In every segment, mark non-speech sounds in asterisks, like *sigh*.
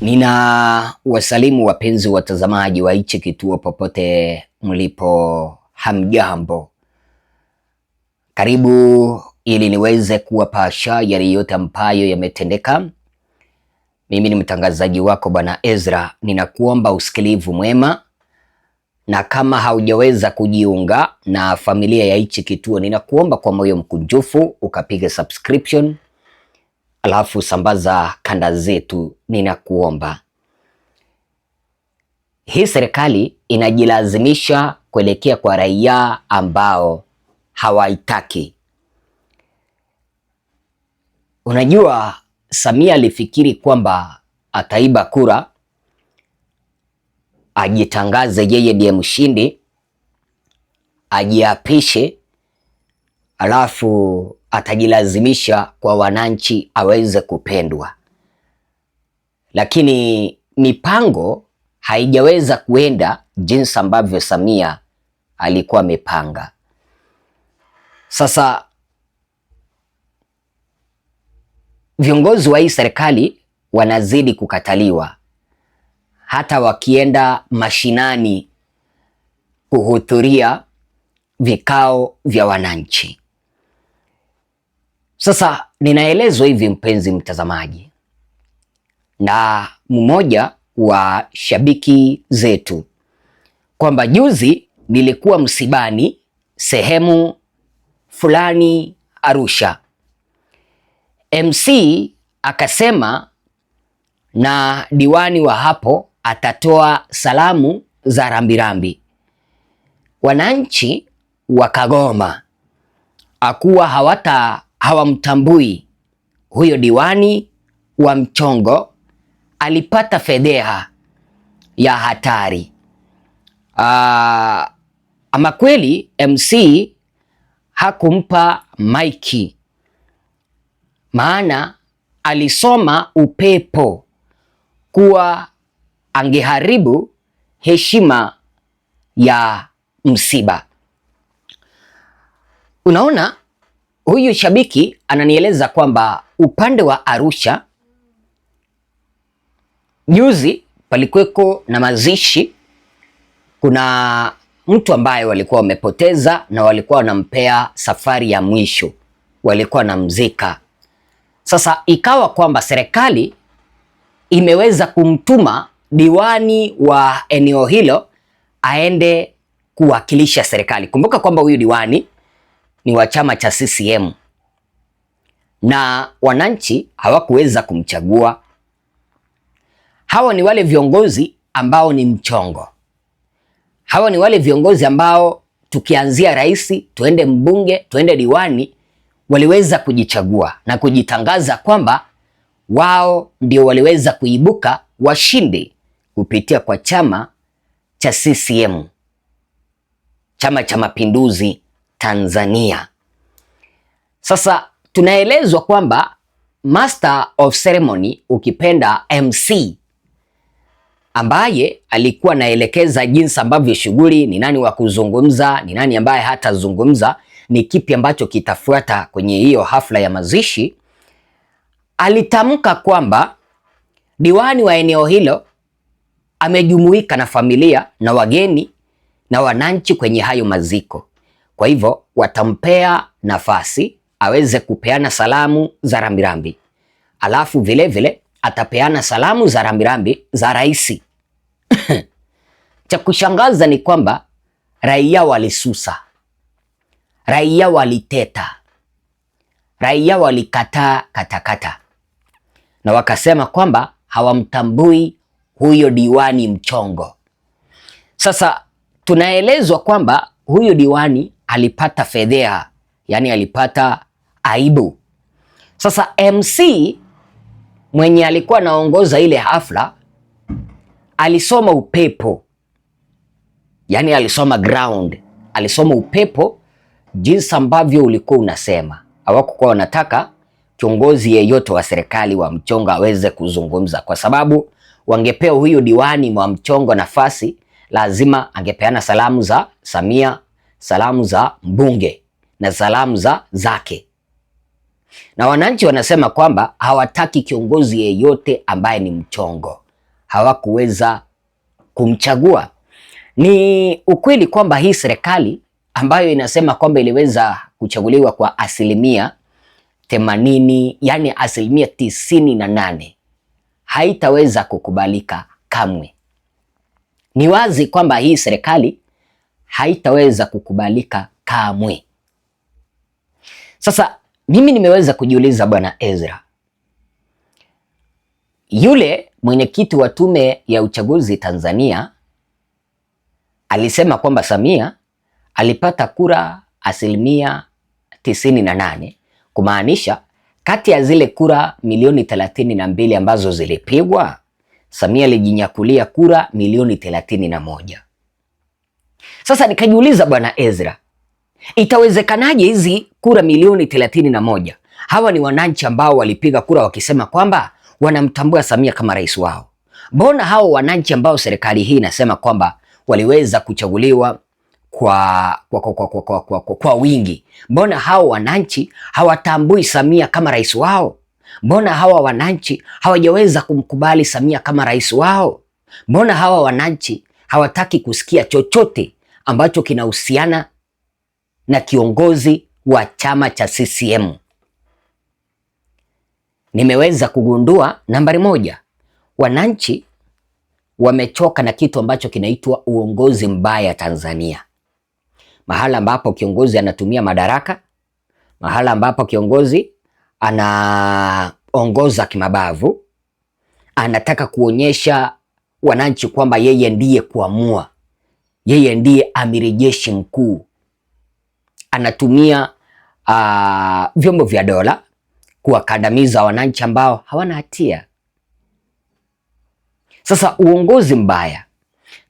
Nina wasalimu wapenzi watazamaji wa hichi kituo popote mlipo, hamjambo. Karibu ili niweze kuwapasha yale yote ambayo yametendeka. Mimi ni mtangazaji wako Bwana Ezra, ninakuomba usikilivu mwema, na kama haujaweza kujiunga na familia ya hichi kituo, ninakuomba kwa moyo mkunjufu ukapiga subscription alafu sambaza kanda zetu, ninakuomba. Hii serikali inajilazimisha kuelekea kwa raia ambao hawaitaki. Unajua, Samia alifikiri kwamba ataiba kura, ajitangaze yeye ndiye mshindi, ajiapishe, alafu atajilazimisha kwa wananchi aweze kupendwa, lakini mipango haijaweza kuenda jinsi ambavyo Samia alikuwa amepanga. Sasa viongozi wa hii serikali wanazidi kukataliwa, hata wakienda mashinani kuhudhuria vikao vya wananchi. Sasa ninaelezwa hivi mpenzi mtazamaji, na mmoja wa shabiki zetu kwamba juzi nilikuwa msibani sehemu fulani Arusha, MC akasema na diwani wa hapo atatoa salamu za rambirambi. Wananchi wakagoma akuwa hawata hawamtambui huyo diwani wa Mchongo alipata fedheha ya hatari. Aa, ah, ama kweli MC hakumpa maiki, maana alisoma upepo kuwa angeharibu heshima ya msiba. Unaona, Huyu shabiki ananieleza kwamba upande wa Arusha juzi palikuweko na mazishi. Kuna mtu ambaye walikuwa wamepoteza na walikuwa wanampea safari ya mwisho, walikuwa wanamzika. Sasa ikawa kwamba serikali imeweza kumtuma diwani wa eneo hilo aende kuwakilisha serikali. Kumbuka kwamba huyu diwani ni wa chama cha CCM na wananchi hawakuweza kumchagua. Hawa ni wale viongozi ambao ni mchongo. Hawa ni wale viongozi ambao tukianzia rais, tuende mbunge, tuende diwani, waliweza kujichagua na kujitangaza kwamba wao ndio waliweza kuibuka washindi kupitia kwa chama cha CCM, Chama cha Mapinduzi. Tanzania. Sasa tunaelezwa kwamba Master of Ceremony, ukipenda MC, ambaye alikuwa naelekeza jinsi ambavyo shughuli, ni nani wa kuzungumza, ni nani ambaye hatazungumza, ni kipi ambacho kitafuata kwenye hiyo hafla ya mazishi, alitamka kwamba diwani wa eneo hilo amejumuika na familia na wageni na wananchi kwenye hayo maziko. Kwa hivyo watampea nafasi aweze kupeana salamu za rambirambi, alafu vilevile atapeana salamu za rambirambi za rais. *laughs* Cha kushangaza ni kwamba raia walisusa, raia waliteta, raia walikataa katakata, na wakasema kwamba hawamtambui huyo diwani mchongo. Sasa tunaelezwa kwamba huyu diwani alipata fedheha, yani alipata aibu. Sasa MC mwenye alikuwa anaongoza ile hafla alisoma upepo, yani alisoma ground, alisoma upepo jinsi ambavyo ulikuwa unasema. Hawakukuwa wanataka kiongozi yeyote wa serikali wa mchongo aweze kuzungumza, kwa sababu wangepewa huyu diwani wa mchongo nafasi lazima angepeana salamu za Samia, salamu za mbunge na salamu za zake. Na wananchi wanasema kwamba hawataki kiongozi yeyote ambaye ni mchongo, hawakuweza kumchagua. Ni ukweli kwamba hii serikali ambayo inasema kwamba iliweza kuchaguliwa kwa asilimia themanini, yani asilimia tisini na nane haitaweza kukubalika kamwe. Ni wazi kwamba hii serikali haitaweza kukubalika kamwe. Sasa mimi nimeweza kujiuliza, bwana Ezra, yule mwenyekiti wa tume ya uchaguzi Tanzania alisema kwamba Samia alipata kura asilimia tisini na nane kumaanisha kati ya zile kura milioni thelathini na mbili ambazo zilipigwa Samia alijinyakulia kura milioni thelathini na moja. Sasa nikajiuliza bwana Ezra, itawezekanaje hizi kura milioni thelathini na moja? Hawa ni wananchi ambao walipiga kura wakisema kwamba wanamtambua Samia kama rais wao. Mbona hao wananchi ambao serikali hii inasema kwamba waliweza kuchaguliwa kwa, kwa, kwa, kwa, kwa, kwa, kwa, kwa wingi, mbona hao wananchi hawatambui Samia kama rais wao? Mbona hawa wananchi hawajaweza kumkubali Samia kama rais wao? Mbona hawa wananchi hawataki kusikia chochote ambacho kinahusiana na kiongozi wa chama cha CCM? Nimeweza kugundua nambari moja, wananchi wamechoka na kitu ambacho kinaitwa uongozi mbaya Tanzania, mahala ambapo kiongozi anatumia madaraka, mahala ambapo kiongozi anaongoza kimabavu, anataka kuonyesha wananchi kwamba yeye ndiye kuamua, yeye ndiye amiri jeshi mkuu. Anatumia uh, vyombo vya dola kuwakandamiza wananchi ambao hawana hatia. Sasa uongozi mbaya,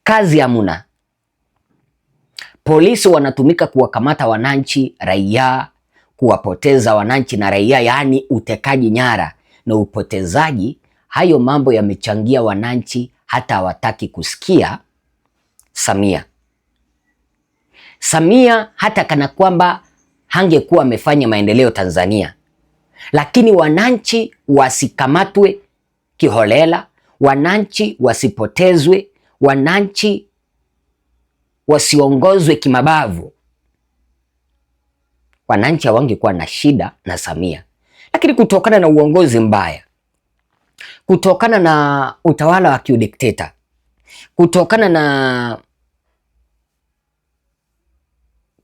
kazi amuna polisi wanatumika kuwakamata wananchi raia kuwapoteza wananchi na raia, yaani utekaji nyara na upotezaji. Hayo mambo yamechangia wananchi hata hawataki kusikia Samia. Samia hata kana kwamba hangekuwa amefanya maendeleo Tanzania, lakini wananchi wasikamatwe kiholela, wananchi wasipotezwe, wananchi wasiongozwe kimabavu, wananchi hawangekuwa na shida na Samia, lakini kutokana na uongozi mbaya, kutokana na utawala wa kiudikteta, kutokana na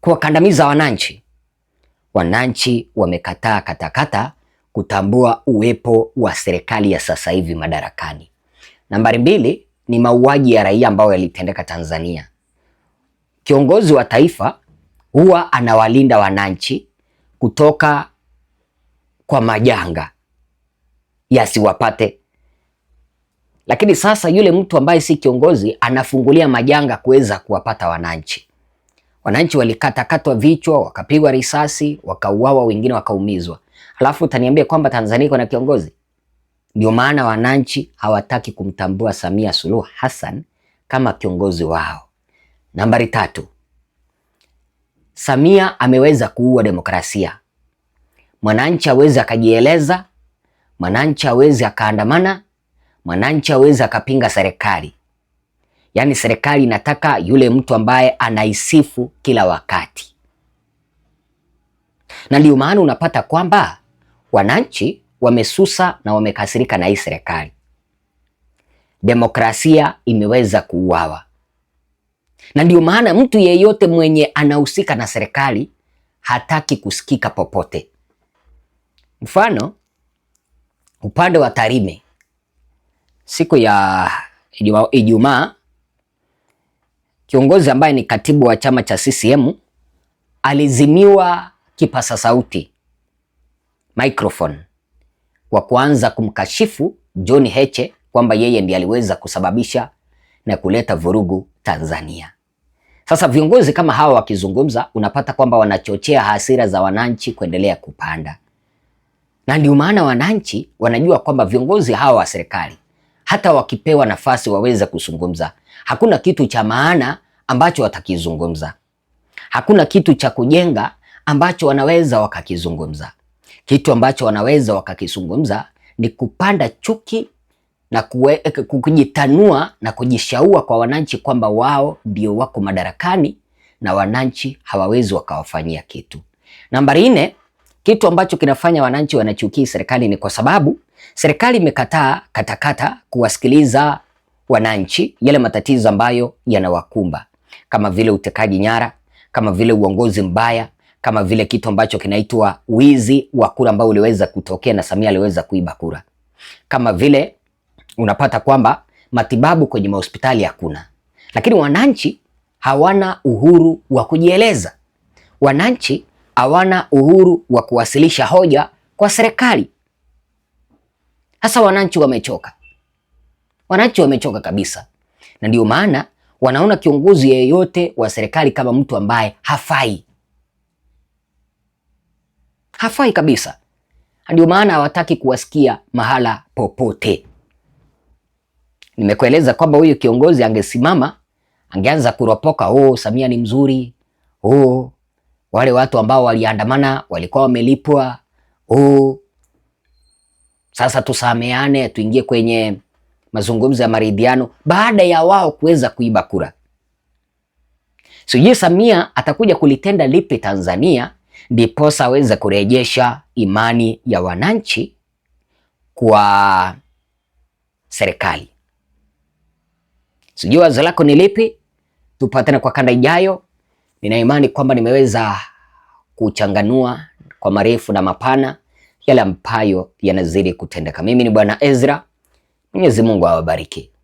kuwakandamiza wananchi, wananchi wamekataa katakata kutambua uwepo wa serikali ya sasa hivi madarakani. Nambari mbili ni mauaji ya raia ambayo yalitendeka Tanzania. Kiongozi wa taifa huwa anawalinda wananchi kutoka kwa majanga yasiwapate. Lakini sasa yule mtu ambaye si kiongozi anafungulia majanga kuweza kuwapata wananchi. Wananchi walikatakatwa vichwa, wakapigwa risasi, wakauawa, wengine wakaumizwa, alafu utaniambia kwamba Tanzania iko na kiongozi? Ndio maana wananchi hawataki kumtambua Samia Suluhu Hassan kama kiongozi wao. Nambari tatu, Samia ameweza kuua demokrasia. Mwananchi awezi akajieleza, mwananchi awezi akaandamana, mwananchi awezi akapinga serikali. Yaani serikali inataka yule mtu ambaye anaisifu kila wakati, na ndio maana unapata kwamba wananchi wamesusa na wamekasirika na hii serikali. Demokrasia imeweza kuuawa. Na ndio maana mtu yeyote mwenye anahusika na serikali hataki kusikika popote. Mfano, upande wa Tarime siku ya Ijumaa, kiongozi ambaye ni katibu wa chama cha CCM alizimiwa kipasa sauti microphone kwa kuanza kumkashifu John Heche kwamba yeye ndiye aliweza kusababisha na kuleta vurugu Tanzania. Sasa viongozi kama hawa wakizungumza, unapata kwamba wanachochea hasira za wananchi kuendelea kupanda, na ndio maana wananchi wanajua kwamba viongozi hawa wa serikali hata wakipewa nafasi waweze kuzungumza, hakuna kitu cha maana ambacho watakizungumza, hakuna kitu cha kujenga ambacho wanaweza wakakizungumza. Kitu ambacho wanaweza wakakizungumza ni kupanda chuki na kuwe, kujitanua na kujishaua kwa wananchi kwamba wao ndio wako madarakani na wananchi hawawezi wakawafanyia kitu. Nambari nne, kitu ambacho kinafanya wananchi wanachukii serikali ni kwa sababu serikali imekataa katakata kuwasikiliza wananchi yale matatizo ambayo yanawakumba kama vile utekaji nyara, kama vile uongozi mbaya, kama vile kitu ambacho kinaitwa wizi wa kura ambao uliweza kutokea na Samia aliweza kuiba kura, kama vile unapata kwamba matibabu kwenye mahospitali hakuna, lakini wananchi hawana uhuru wa kujieleza, wananchi hawana uhuru wa kuwasilisha hoja kwa serikali. Hasa wananchi wamechoka, wananchi wamechoka kabisa, na ndio maana wanaona kiongozi yeyote wa serikali kama mtu ambaye hafai, hafai kabisa. Ndio maana hawataki kuwasikia mahala popote. Nimekueleza kwamba huyu kiongozi angesimama, angeanza kuropoka, oh, Samia ni mzuri, oh, wale watu ambao waliandamana walikuwa wamelipwa, oh, sasa tusameane, tuingie kwenye mazungumzo ya maridhiano, baada ya wao kuweza kuiba kura. Sijui Samia atakuja kulitenda lipi Tanzania ndiposa aweze kurejesha imani ya wananchi kwa serikali. Sijui wazo lako ni lipi? Tupatane kwa kanda ijayo. Nina imani kwamba nimeweza kuchanganua kwa marefu na mapana yale ambayo yanazidi kutendeka. Mimi ni Bwana Ezra. Mwenyezi Mungu awabariki.